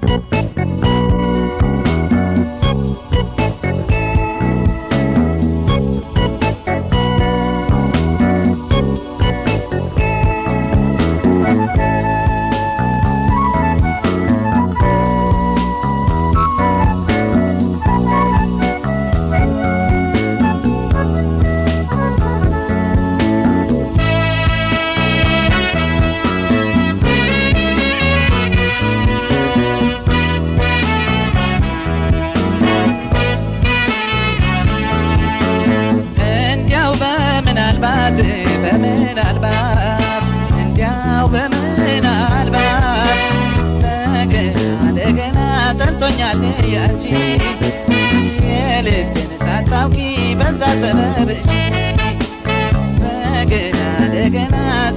Thank you. በምናልባት በምናልባት እንዲያው በምናልባት በገና ለገና ጠልቶኛል ያንቺ የልብን ሳታውቂ በዛ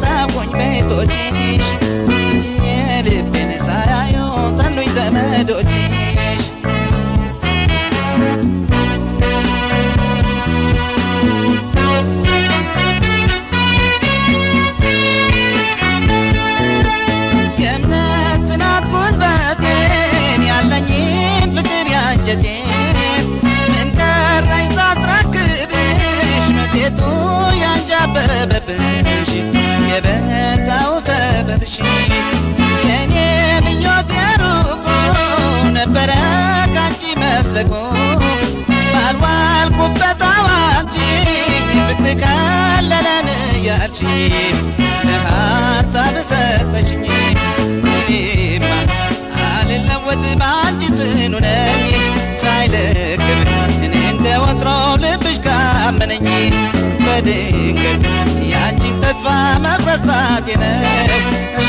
ጻፍኩኝ ቤቶችሽ የልብን ሳያዩ ጠሉኝ ዘመዶችሽ ሰበብሽ የበታው ሰበብሽ የኔ ምኞት ያሩቁ ነበረ ካንቺ መስለቁ ባልዋልኩበት አዋልጂ ፍቅር ካለለን እያልሽ ለሀሳብ እኔማ አልለወጥ ጽኑ ነኝ ሳይለክም እኔ እንደ ልብሽ ካመነኝ በድንገት ያንቺን ተስፋ መፍረሳት ነው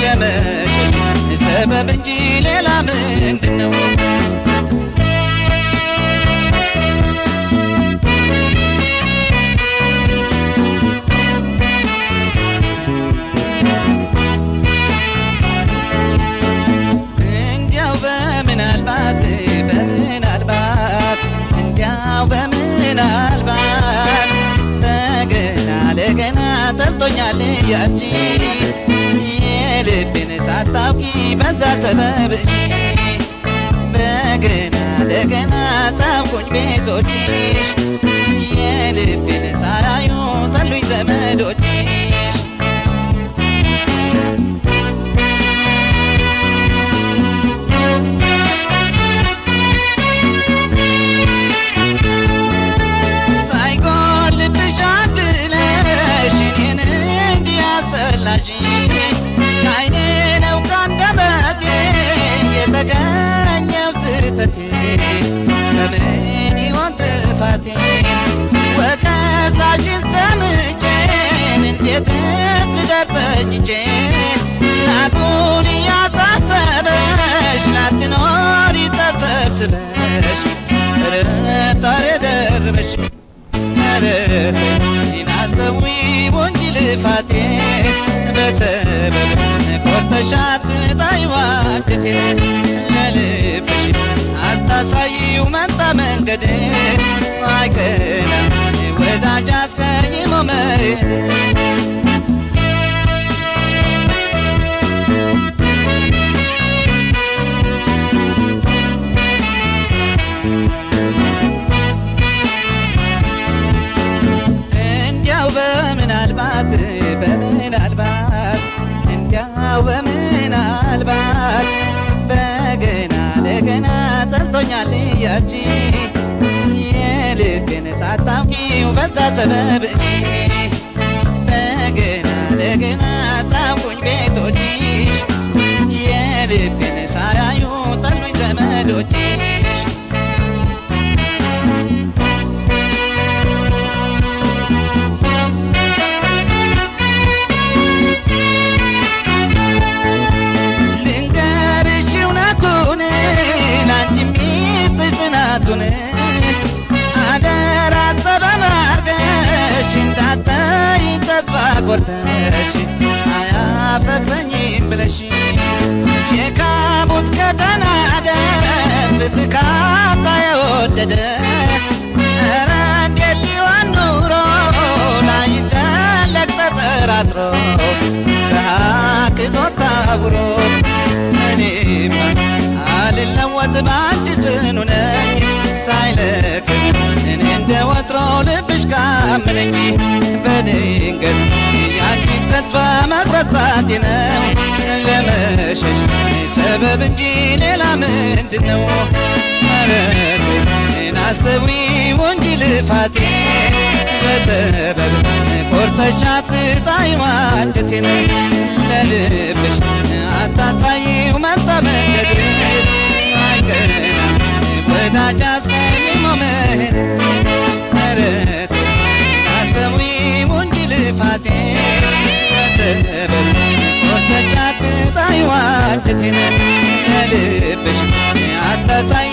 የመሸሽ ሰበብ እንጂ ሌላ ምንድን ነው? ምናልባት በምናልባት እንዲያው በምናልባት አጥፍቶኛል ያቺ የልቤን ሳታውቂ በዛ ሰበብ በገና ለገና ጻፍኩኝ ቤቶችሽ የልቤን ሳያዩ ጠሉኝ ዘመዶችሽ መች ማለት ይናስተዊ ወንጌል ፋቴ በሰበብ ቆርጠሻት ጣይ ለልብሽ አታሳይው መንታ መንገድ አይቀናም ወዳጅ አስቀይሞ መሄድ በምናልባት በምናልባት እንዲያው በምናልባት በገና ለገና ጠልቶኛል እያቺ የልቤን ሳታውቂው በዛ ሰበብ በገና ለገና ጻፉኝ ቤቶችሽ የልቤን ሳያዩ ጠሉኝ ዘመዶችሽ ተቆርተሽ አያፈቅረኝም ብለሽ የካቡት ከተናደ ፍትካታ የወደደ ኧረ እንዴት ሊሆን ኑሮ ላይተለቅ ተጠራጥሮ በሀቅቶ ታጉሮ እኔማ አልለወጥ በአንቺ ጽኑ ነኝ ሳይለቅ እኔ እንደ ወትሮ ልብሽ ካመነኝ በድንገት ከቷ ማቁረሳቴ ነው ለመሸሽ ሰበብ እንጂ ሌላ ምንድን ነው? ማለቴን አስተዊ ወንጂ ልፋቴ በሰበብ ቆርጠሻ ትጣይዋ አንጀቴን ለልብሽ አታሳይው መጣ መንገድ አይቀናም ወዳጅ አስቀይሞ መሄድ تنلي بشندي